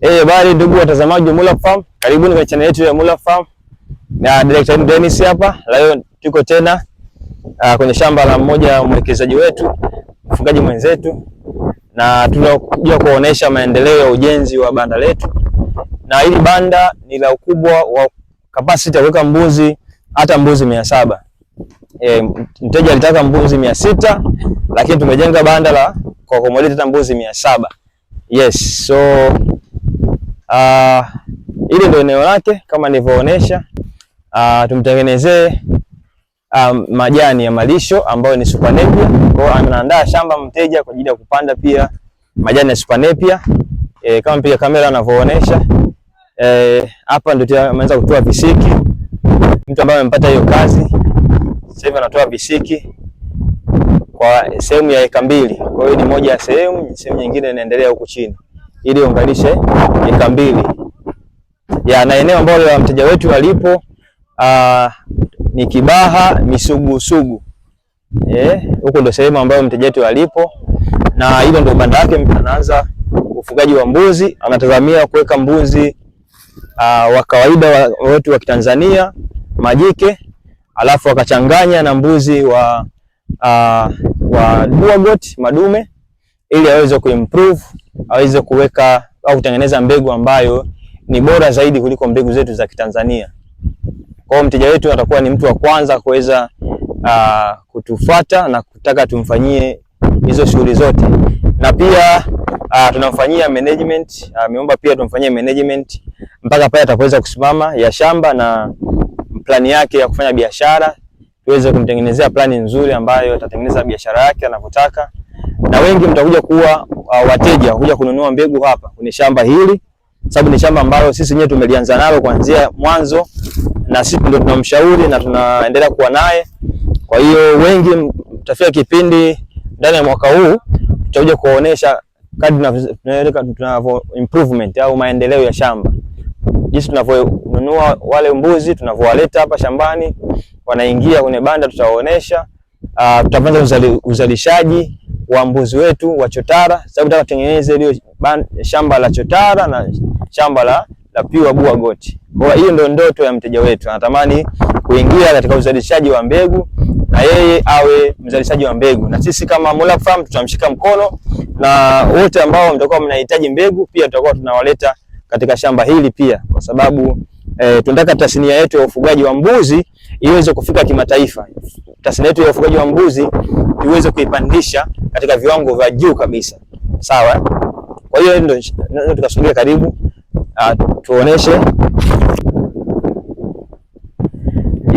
Eh, bali ndugu watazamaji wa Mulap Farm, karibuni kwenye channel yetu ya Mulap Farm. Na director wetu Dennis hapa, leo tuko tena uh, kwenye shamba la mmoja wa mwekezaji wetu, mfugaji mwenzetu na tunakuja kuonesha maendeleo ya ujenzi wa banda letu. Na hili banda ni la ukubwa wa capacity ya kuweka mbuzi hata mbuzi 700. Eh, mteja alitaka mbuzi 600 lakini tumejenga banda la kwa accommodate mbuzi 700. Yes, so Uh, ah, ile ndio eneo lake kama nilivyoonyesha. Uh, tumtengenezee um, majani ya malisho ambayo ni super napier. Kwa hiyo anaandaa shamba mteja kwa ajili ya kupanda pia majani ya super napier. E, eh, kama mpiga kamera anavyoonyesha eh, hapa, e, ndio ameanza kutoa visiki. Mtu ambaye amepata hiyo kazi sasa hivi anatoa visiki kwa sehemu ya eka mbili. Kwa hiyo ni moja ya sehemu, sehemu nyingine inaendelea huku chini ili unganishe eka mbili ya na eneo ambalo mteja wetu alipo ah, ni Kibaha Misugusugu e, huko, ndo sehemu ambayo mteja wetu alipo, na hilo ndo banda yake. Anaanza ufugaji wa mbuzi, anatazamia kuweka mbuzi ah, wa kawaida wetu wa Kitanzania majike, alafu akachanganya na mbuzi wa uh, wa duagot madume ili aweze kuimprove aweze kuweka au kutengeneza mbegu ambayo ni bora zaidi kuliko mbegu zetu za Kitanzania. Kwa hiyo mteja wetu atakuwa ni mtu wa kwanza kuweza ah, kutufata na kutaka tumfanyie hizo shughuli zote, na pia ah, tunamfanyia management ameomba, ah, pia tumfanyie management mpaka pale atapoweza kusimama ya shamba na plani yake ya kufanya biashara, tuweze kumtengenezea plani nzuri ambayo atatengeneza biashara yake anavyotaka, na wengi mtakuja kuwa uh, wateja huja kununua mbegu hapa kwenye shamba hili, sababu ni shamba ambalo sisi wenyewe tumelianza nalo kuanzia mwanzo, na sisi ndio tunamshauri na tunaendelea kuwa naye. Kwa hiyo wengi tutafika kipindi ndani ya mwaka huu tutakuja kuonesha kadri tunaweka tunavyo improvement au maendeleo ya shamba, jinsi tunavyonunua wale mbuzi tunavyowaleta hapa shambani, wanaingia kwenye banda, tutaonesha uh, tutapata uzalishaji wa mbuzi wetu wa chotara. Sababu nataka tutengeneze ile shamba la chotara na shamba la la piwa bua goti. Kwa hiyo ndio ndoto ya mteja wetu, anatamani kuingia katika uzalishaji wa mbegu na yeye awe mzalishaji wa mbegu, na sisi kama Mulap Farm tutamshika mkono, na wote ambao mtakuwa mnahitaji mbegu pia tutakuwa tunawaleta katika shamba hili pia, kwa sababu eh, tunataka tasnia yetu ya ufugaji wa mbuzi iweze kufika kimataifa tasnia yetu ya ufugaji wa mbuzi tuweze kuipandisha katika viwango vya juu kabisa. Sawa? Kwa hiyo ndio tukasubiria, karibu uh, tuoneshe.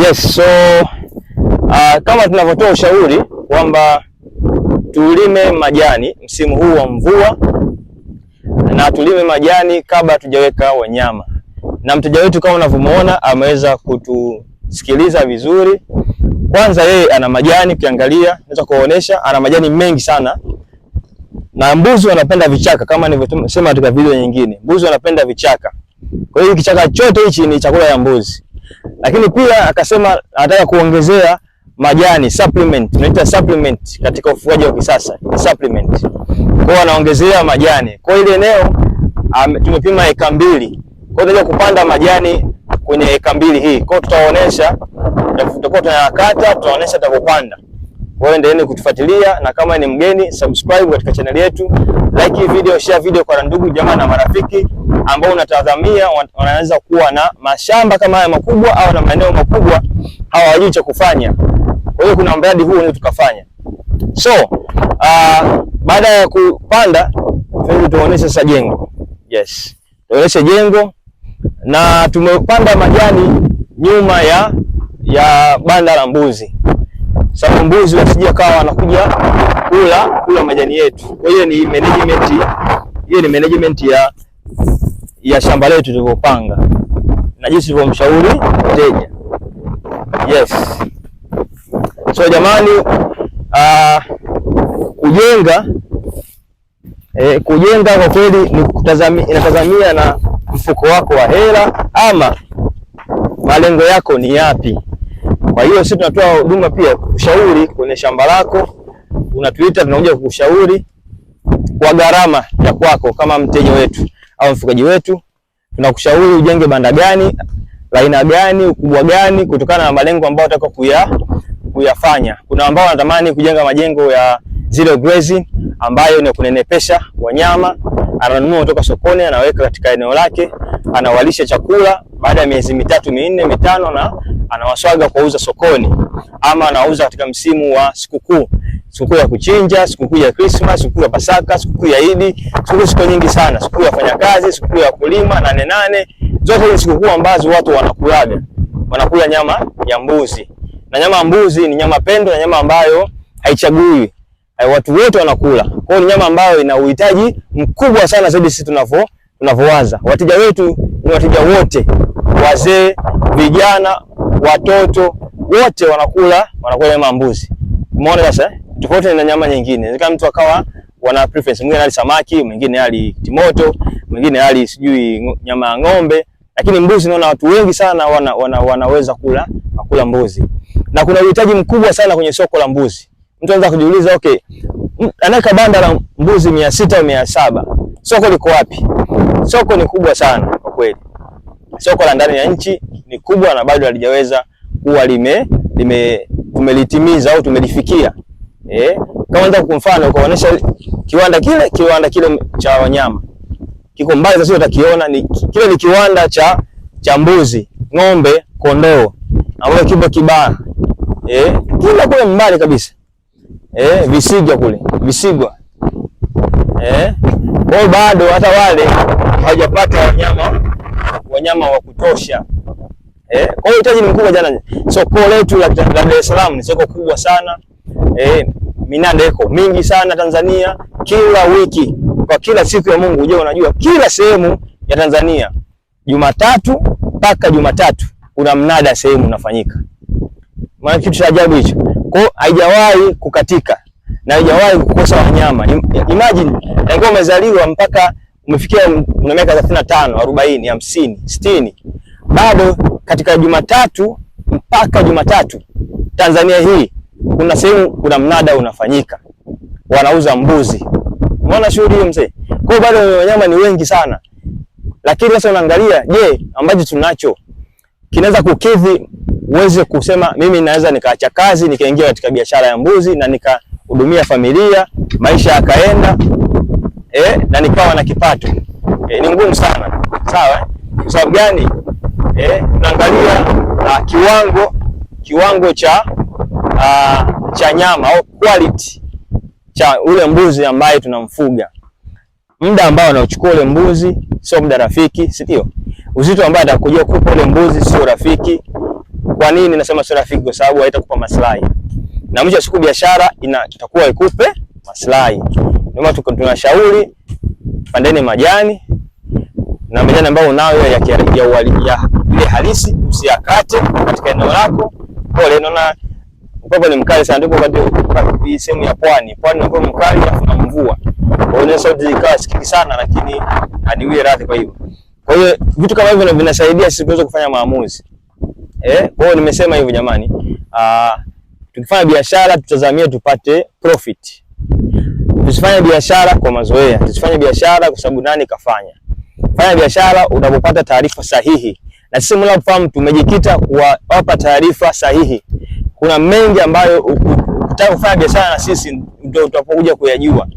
Yes, so uh, kama tunavyotoa ushauri kwamba tulime majani msimu huu wa mvua na tulime majani kabla hatujaweka wanyama, na mteja wetu kama unavyomuona ameweza kutusikiliza vizuri kwanza yeye ana majani, ukiangalia naweza kuonesha ana majani mengi sana, na mbuzi wanapenda vichaka kama nilivyosema katika video nyingine. Mbuzi wanapenda vichaka, kwa hiyo kichaka chote hichi ni chakula ya mbuzi. Lakini pia akasema anataka kuongezea majani supplement, tunaita supplement katika ufugaji wa kisasa ni supplement. Kwa hiyo anaongezea majani kwa ile eneo tumepima eka mbili, kwa hiyo kupanda majani kwenye eka mbili hii. Kwa hiyo tutaonesha, tutakuwa tunayakata, tutaonesha tutakopanda. Kwa hiyo endeleeni kutufuatilia na kama ni mgeni subscribe katika channel yetu, like video, share video kwa ndugu jamaa na marafiki ambao unatazamia wanaweza kuwa na mashamba kama haya makubwa au na maeneo makubwa hawajui cha kufanya. Kwa hiyo kuna mradi huu unaweza tukafanya. So, uh, baada ya kupanda tuonyeshe sasa jengo. Yes. Tuonyeshe jengo na tumepanda majani nyuma ya ya banda la mbuzi, sababu mbuzi wasije kawa wanakuja kula kula majani yetu. Kwa hiyo ni management, hiyo ni management ya ya shamba letu tulivyopanga na jinsi tulivyomshauri mteja. Yes, so jamani, uh, kujenga eh, kujenga kwa kweli ni kutazamia, inatazamia na mfuko wako wa hela ama malengo yako ni yapi? Kwa hiyo sisi tunatoa huduma pia kushauri kwenye shamba lako, unatuita tunakuja kukushauri kwa gharama ya kwako kama mteja wetu au mfugaji wetu. Tunakushauri ujenge banda gani, laina gani, ukubwa gani, kutokana na malengo ambayo unataka kuya kuyafanya. Kuna ambao wanatamani kujenga majengo ya zero grazing ambayo ni kunenepesha wanyama ananunua kutoka sokoni, anaweka katika eneo lake, anawalisha chakula. Baada ya miezi mitatu minne mitano, na anawaswaga kuuza sokoni, ama anauza katika msimu wa sikukuu, sikukuu ya kuchinja, sikukuu ya Krismas, sikukuu ya Pasaka, sikukuu ya Idi, sikukuu siku nyingi sana, sikukuu ya wafanyakazi, sikukuu ya wakulima, nane nane, zote ni sikukuu ambazo watu wanakulaga, wanakula nyama ya mbuzi, na nyama ya mbuzi ni nyama pendwa na nyama ambayo haichagui eh, watu wote wanakula. Kwa hiyo ni nyama ambayo ina uhitaji mkubwa sana zaidi sisi tunavyo tunavyowaza. Wateja wetu ni wateja wote, wazee, vijana, watoto wote wanakula wanakula nyama ya mbuzi. Umeona sasa, eh? tofauti na nyama nyingine. Ni Kama mtu akawa wana preference, mwingine ali samaki, mwingine ali timoto, mwingine ali sijui nyama ya ng'ombe, lakini mbuzi naona watu wengi sana wana, wana, wanaweza kula kula mbuzi, na kuna uhitaji mkubwa sana kwenye soko la mbuzi. Mtu anaweza kujiuliza okay, anaweka banda la mbuzi 600 au 700. Soko liko wapi? Soko ni kubwa sana kwa kweli. Soko la ndani ya nchi ni kubwa na bado halijaweza kuwa lime lime tumelitimiza au tumelifikia. Eh, kama ndio kwa mfano ukaonesha kiwanda kile kiwanda kile cha wanyama kiko mbali sasa, utakiona ni kile ni kiwanda cha cha mbuzi, ng'ombe, kondoo ambayo kipo Kibaha eh, kila kule mbali kabisa eh, Visigwa kule Visigwa eh, kwao bado hata wale hawajapata wanyama wanyama wa kutosha eh, kwao uhitaji ni mkubwa jana. Soko letu la Dar es Salaam ni soko kubwa sana eh, minada iko mingi sana Tanzania, kila wiki kwa kila siku ya Mungu ujue, unajua kila sehemu ya Tanzania Jumatatu mpaka Jumatatu kuna mnada sehemu unafanyika. Maana kitu cha ajabu hicho. Kwa haijawahi kukatika na haijawahi kukosa wanyama. Imagine ikiwa umezaliwa mpaka umefikia una miaka 35, 40, 50, 60 bado katika Jumatatu mpaka Jumatatu Tanzania hii kuna sehemu kuna mnada unafanyika, wanauza mbuzi. Umeona shughuli hiyo mzee? Kwa bado wanyama ni wengi sana, lakini sasa unaangalia, je, ambacho tunacho kinaweza kukidhi uweze kusema mimi naweza nikaacha kazi nikaingia katika biashara ya mbuzi na nikahudumia familia, maisha yakaenda eh, na nikawa na kipato eh, ni ngumu sana sawa. Kwa sababu gani? Eh, tunaangalia uh, kiwango kiwango cha uh, cha nyama au quality cha ule mbuzi ambaye tunamfuga, muda ambao anaochukua ule mbuzi sio muda rafiki, si ndio? Uzito ambao atakuja kupa ule mbuzi sio rafiki kwa nini nasema sio rafiki? Kwa sababu haitakupa maslahi, na mwisho wa siku biashara itakuwa ikupe maslahi. Ndio maana tunashauri pandeni majani na majani ambayo unayo ya ya ile halisi, usiyakate katika eneo lako. Pole, naona upepo ni mkali sana, ndipo katika sehemu ya pwani. Pwani ni upepo mkali, afu na mvua, kwa hiyo sauti ikawa sikiki sana, lakini hadiwie radhi. Kwa hiyo kwa hiyo vitu kama hivyo vinasaidia sisi kuweza kufanya maamuzi. Eh, kwa hiyo nimesema hivyo jamani. Ah, tukifanya biashara tutazamia tupate profit. Tusifanye biashara kwa mazoea, tusifanye biashara kwa sababu nani kafanya. Fanya biashara unapopata taarifa sahihi. Na sisi mnaofahamu tumejikita kuwapa taarifa sahihi. Kuna mengi ambayo ukitaka kufanya biashara na sisi ndio utapokuja kuyajua.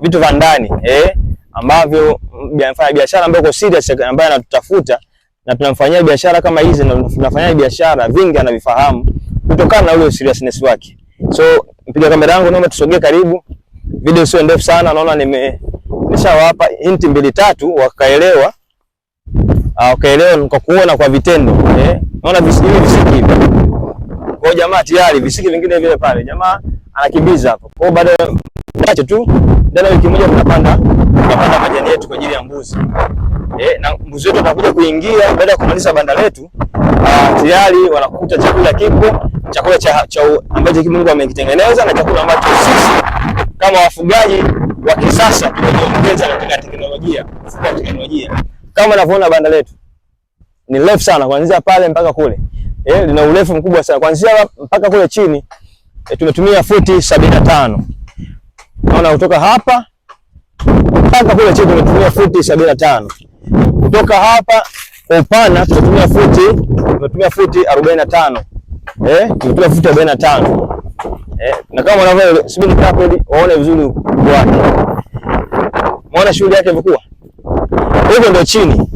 Vitu vya ndani, eh, ambavyo mm, mfanya biashara ambaye uko serious ambaye anatutafuta na tunamfanyia biashara kama hizi na tunafanyia biashara vingi anavifahamu kutokana na ule seriousness wake. So mpiga kamera yangu naomba tusogee karibu. Video sio ndefu sana, naona nime nishawapa hinti mbili tatu wakaelewa. Ah, wakaelewa kwa kuona kwa vitendo. Eh, naona visiki visiki. hivi Kwa jamaa tayari visiki vingine vile pale. Jamaa anakimbiza hapo. Kwa baada ya chache tu ndani wiki moja tunapanda tunapanda majani yetu kwa ajili ya mbuzi eh, na mbuzi wetu watakuja kuingia baada ya kumaliza banda letu. Uh, tayari wanakuta chakula kipo, chakula cha, cha ambacho Mungu amekitengeneza na chakula ambacho sisi kama wafugaji wa kisasa tumejiongeza katika teknolojia, katika teknolojia kama unavyoona banda letu ni refu sana kuanzia pale mpaka kule eh, lina urefu mkubwa sana kuanzia mpaka kule chini eh, tumetumia futi sabini na tano. Naona kutoka hapa mpaka kule chini tumetumia futi sabini na tano. Kutoka hapa kwa upana tumetumia futi tumetumia futi arobaini na tano. Eh, tumetumia futi arobaini na tano. Eh, na kama unavyo subiri hapo ili waone vizuri ukubwa wake. Unaona shughuli yake ilikuwa. Hivyo ndio chini.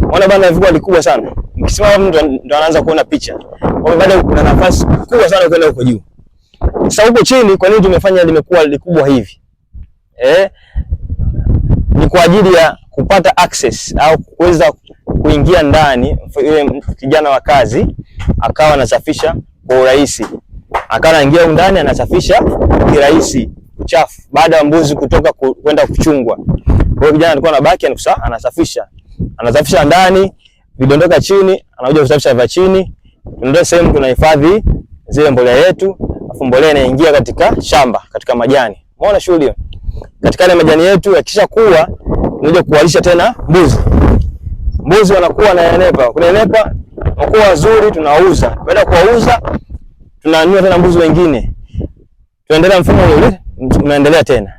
Unaona bana ilikuwa likubwa sana. Mkisimama mtu ndo anaanza kuona picha. Kwa hiyo bado kuna nafasi kubwa sana kwenda huko juu. Sasa huko chini, kwa nini tumefanya limekuwa likubwa hivi? Eh, ni kwa ajili ya kupata access au kuweza kuingia ndani, yule kijana wa kazi akawa anasafisha kwa urahisi, akawa anaingia ndani anasafisha kirahisi uchafu baada ya mbuzi kutoka kwenda ku, kuchungwa. Kwa hiyo kijana alikuwa anabaki anakusa anasafisha. Anasafisha ndani, vidondoka chini, anakuja kusafisha vya chini. Ndio sehemu tunahifadhi zile mbolea yetu. Alafu mbolea inaingia katika shamba, katika majani. Umeona shughuli hiyo? Katika ile majani yetu yakishakuwa unaje kuwalisha tena mbuzi. Mbuzi wanakuwa na yanepa. Kuna yanepa wakuwa wazuri tunauza. Baada kuwauza tunanunua tena mbuzi wengine. Tuendelea mfumo ule, tunaendelea tena.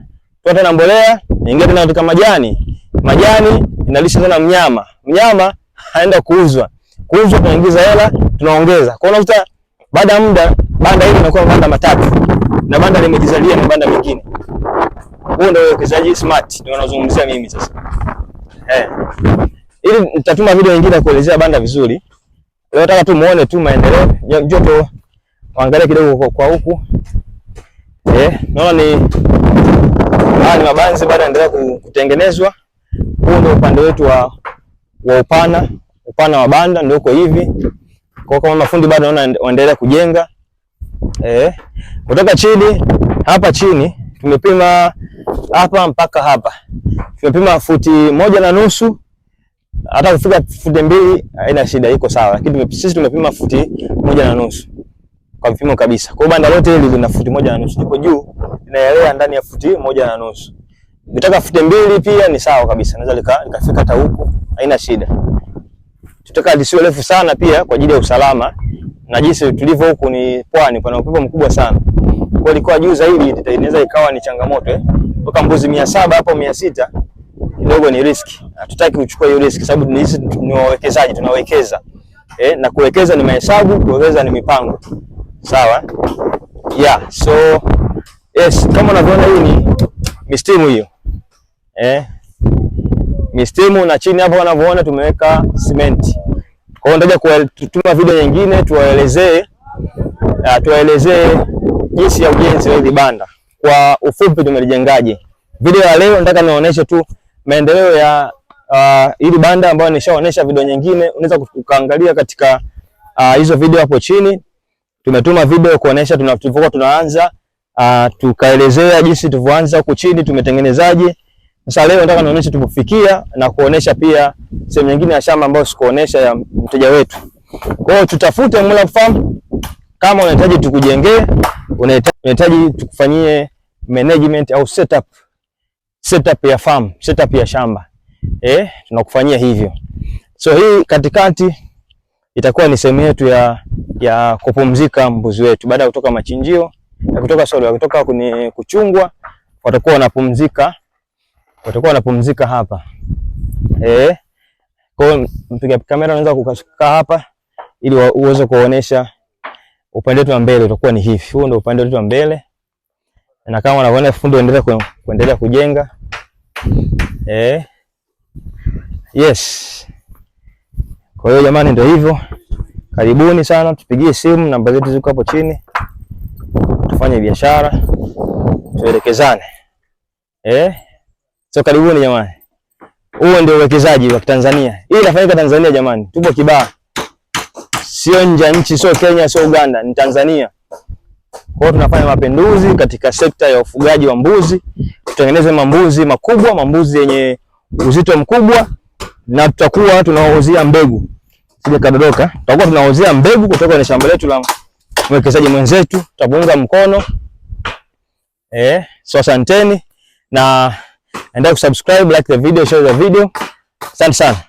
Kwa tena mbolea, inaingia tena katika majani. Majani inalisha tena mnyama. Mnyama haenda kuuzwa. Kuuzwa tunaingiza hela, tunaongeza. Kwa hiyo unakuta baada ya muda banda hili linakuwa mabanda matatu na banda limejizalia mabanda mengine. Huo ndio uwekezaji smart ndio ninazungumzia mimi sasa. Eh. Ili nitatuma video nyingine ya kuelezea banda vizuri. Leo nataka tu muone tu maendeleo. Njoo angalia kidogo kwa huku. Eh, naona ni haya ni mabanzi bado yanaendelea kutengenezwa. Huu ndio upande wetu wa wa upana, upana wa banda ndio uko hivi. Kwa kama mafundi bado naona waendelea kujenga eh. Kutoka chini hapa chini tumepima hapa mpaka hapa tumepima futi moja na nusu hata kufika futi mbili haina shida, iko sawa, lakini sisi tumepima futi moja na nusu kwa vipimo kabisa. Kwa banda lote hili lina futi moja na nusu liko juu, linaelea ndani ya futi moja na nusu. Nitaka futi mbili pia ni sawa kabisa, naweza likafika hata huko, haina shida tutaka lisiwe refu sana pia kwa ajili ya usalama na jinsi tulivyo huku ni pwani, kuna upepo mkubwa sana. Kwa ilikuwa juu zaidi inaweza ikawa ni changamoto eh, kutoka mbuzi 700 hapo 600 kidogo ni riski. Hatutaki kuchukua hiyo riski sababu ni sisi ni wawekezaji tunawekeza. Eh, na kuwekeza ni mahesabu, kuwekeza ni mipango. Sawa? Yeah, so yes, kama unavyoona hii ni mistimu hiyo. Eh, mistimu na chini hapo wanavyoona tumeweka simenti. Kwa hiyo nitaja kutuma video nyingine tuwaelezee uh, tuwaelezee jinsi ya ujenzi wa hili banda kwa ufupi, tumelijengaje. Video ya leo nataka nionyeshe tu maendeleo ya uh, hili uh, banda ambayo nishaonyesha video nyingine, unaweza kukaangalia katika uh, hizo video hapo chini. Tumetuma video kuonyesha tulivyokuwa tunaanza, uh, tukaelezea jinsi tulivyoanza huku chini tumetengenezaje sasa leo nataka nionyeshe tulipofikia na kuonesha pia sehemu nyingine ya shamba ambayo sikuonesha ya mteja wetu. Kwa hiyo tutafute Mulap Farm, kama unahitaji tukujengee, unahitaji tukufanyie management au setup, setup ya farm, setup ya shamba eh, tunakufanyia hivyo. So hii katikati itakuwa ni sehemu yetu ya ya kupumzika mbuzi wetu baada ya kutoka machinjio, na kutoka solo, kutoka kwenye kuchungwa, watakuwa wanapumzika watakuwa wanapumzika hapa eh. Kwa hiyo mpiga kamera anaweza kukashika hapa ili uweze kuonesha upande wetu wa mbele utakuwa ni hivi. Huo ndio upande wetu wa mbele, na kama unavyoona fundi endelea kuendelea kujenga eh. Yes, kwa hiyo jamani, ndio hivyo. Karibuni sana, tupigie simu, namba zetu ziko hapo chini, tufanye biashara, tuelekezane eh. So karibuni jamani. Huo ndio uwekezaji wa Tanzania. Hii inafanyika Tanzania jamani. Tupo kibaa. Sio nje nchi, sio Kenya, sio Uganda, ni Tanzania. Kwa hiyo tunafanya mapinduzi katika sekta ya ufugaji wa mbuzi, tutengeneze mambuzi makubwa, mambuzi yenye uzito mkubwa na tutakuwa tunawauzia mbegu. Sija kadodoka. Tutakuwa tunawauzia mbegu kutoka kwenye shamba letu la mwekezaji mwenzetu, tutapunga mkono. Eh, so asanteni na endelea kusubscribe, like the video, share the video. Asante sana.